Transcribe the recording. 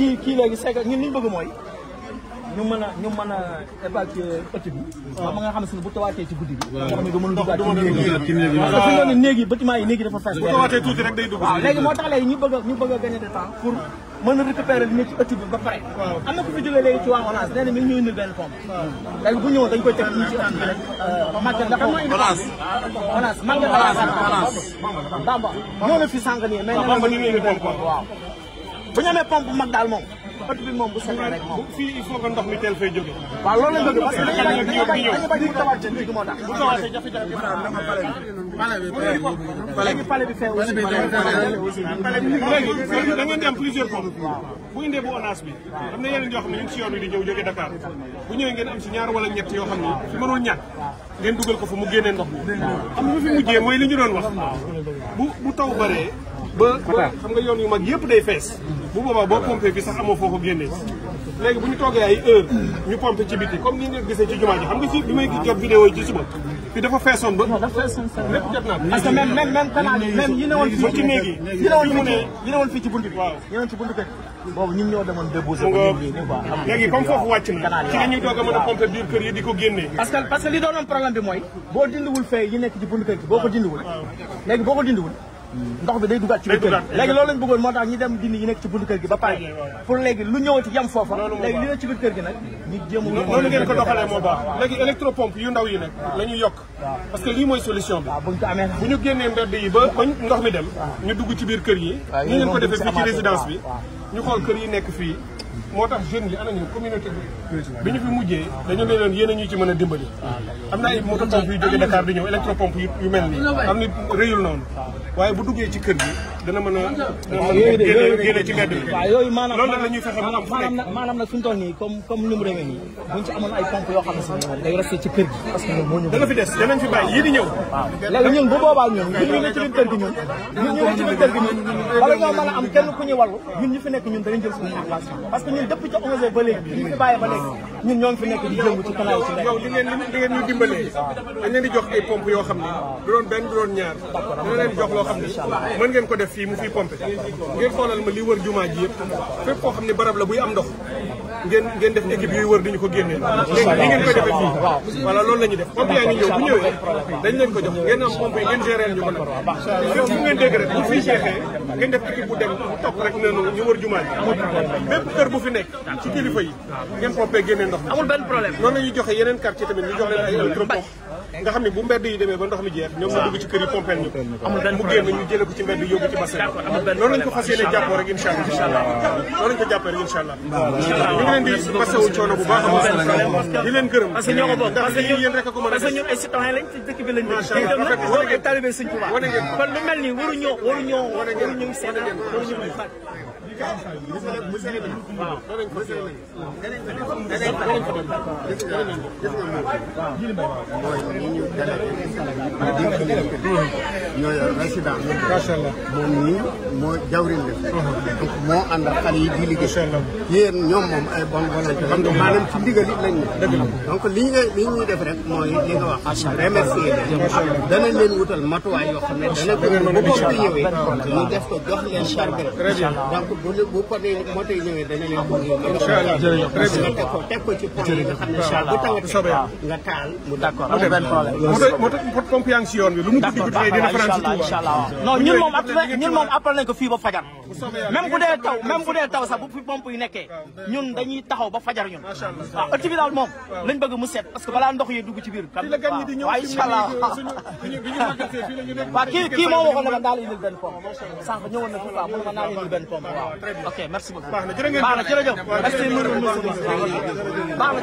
kii kii léegi c'est que ñun li ñu bëgg mooy ñu mën a ñu mën a évacuer ëtt bi. waaw ma nga xam si ne bu tawaatee ci guddi bi. waaw ndox du mën a dugg ci néeg yi parce que fi mu ne néeg yi bâtiment yi néeg yi dafa fees. bu tawaatee tuuti rek day dugg. waaw léegi moo tax léegi ñu bëgg a ñu bëgg a gagner de temps pour. mën a récupérer li ne ci ëtt bi ba pare. am na ku fi jógee léegi ci waa ONAS nee na mi ngi ñuy indil benn pompe. léegi bu ñëwoon dañ koy teg fii ci ëtt bi rek. Euh, màggal nga xam ne ONAS. ONAS màggal nga xam ne ONAS. Bamba ñoo na fi sànq nii mais nee na waaw bu ñu amee pompe bu mag daal moom ëtt bi moom bu setee rek moom. fii il faut que ndox mi teel fay bu tawaatee da bu indee bi. am na yeneen yoo xam ne ñun si yoon wi di ñëw jóge Dakar bu ñëwee ngeen am si ñaar wala ñett yoo xam ne mënul ñàkk ngeen dugal ko fa mu génnee ndox mi. am na fi mujjee mooy li ñu doon wax. bu bu taw baree ba xam nga yoon yu mag yëpp day fees bu boobaa boo pompé fii sax amoo foo ko génnee léegi bu ñu toogee ay heure ñu pompé ci biti comme ni nga gisee ci jumaa ji xam nga ci bi may jot vidéo yi ci suba fii dafa feesoon ba lépp jot naa parce que même même même canal yi ci néeg bi waaw ñi newoon ci buntu kër boobu ñun ñoo demoon ci la kër yi di ko génnee parce problème bi mooy boo dindiwul fee yi nekk ci buntu kër gi boo ko dindiwul léegi boo ko dindiwul ndox bi day dugaat ci biir kër léegi loolu lañ bëggoon moo tax ñu dem dindi yi nekk ci buntu kër gi ba pare pour léegi lu ñëwati yem foofa léegi li nekk ci biir kër gi nag ñu jéem noonu ngeen ko doxalee moo baax léegi électropompe yu ndaw yi nag la yokk parce que lii mooy solution bi bu ñu génnee mbedd yi ba ba ndox mi dem ñu dugg ci biir kër yi ñu ngeen ko defee fii ci résidence bi ñu xool kër yi nekk fii moo tax jeunes yi ana ñu communauté bi ci mën a dimbali am na ay moto pompe yu jóge Dakar di ñëw électropompe yu mel nii ah. am ni réyul noonu waaye bu duggee ci kër gi dana mën a fi mu dana fi fi bàyyi yii di ñëw ñun bu boobaa ñun ñu fi nekk ñun danañ jël suñu place parce que ñun depuis ca 11 ba léegi ñu fi ñun ñoo nekk di jëngu ci canal ci nekk. yow li ngeen li ngeen ñu dimbalee dañ di jox ay pompe yoo xam ne du doon benn du doon ñaar dina di jox loo xam ne mën ngeen ko def fii mu fiy pompe ngeen xoolal ma li wër jumaa ji yëpp fépp xam ne barab la buy am ndox ngeen def équipe yooyu wër di ñu ko génnee ni ngeen ko defee fii voilà loolu la ñuy def pompe yaa ngi ñëw bu ñëwee dañ leen ko jox ngeen am pompe yi ngeen gérer ñu ko ngeen dégg rek bu fii jeexee ngeen def équipe bu dem topp rek noonu ñu wër jumaa ji kër bu fi nekk ci kilifa ngeen pompe génnee ndox amul benn problème noonu la ñuy joxe tamit ñu jox leen ay nga xam ne bu mbedd yi demee ba ndox mi jeex ñoom mu dugg kër yi pompel ñu mu génn ñu jële ko ci mbedd yóbbu ci bassin noonu lañ ko jàppoo rek incha allah noonu ñu ngi leen a di leen rek a ko mën a parce que ñun ay citoyen lañ ci waaw ma mm-hmm. dénk leen ko. ñoo yor résidence. macha allah moom nii moo jawriñ la. donc mm-hmm. moo ànd ak xale di liggéey. macha ñoom moom ay bon volonté. xam nga maanaam ci ndigal it lañ donc li ñu li ñuy def rek mooy li nga wax. macha allah remercier wutal matuwaay yoo xam ne dana ko bu ko ñëwee. ñu def ko jox leen chargé. donc bu bu ko dee moto yi ñëwee dana leen ko ñëw. macha allah jërëjëf comme si yoon bi lu mu guddi guddi dina faral si ñun moom après ñun moom après ba fajar. même bu dee taw même bu dee taw sax bu fi pompe yi ñun dañuy taxaw ba fajar ñun. waaw ëtt bi daal moom lañ bëgg mu set parce que balaa ndox yi dugg ci biir. waaw waaw incha allah kii moo waxoon na ma daal indil benn pompe sànq ñëwoon na fi quoi mën ma naa indil benn pompe ok merci beaucoup. baax na jërëjëf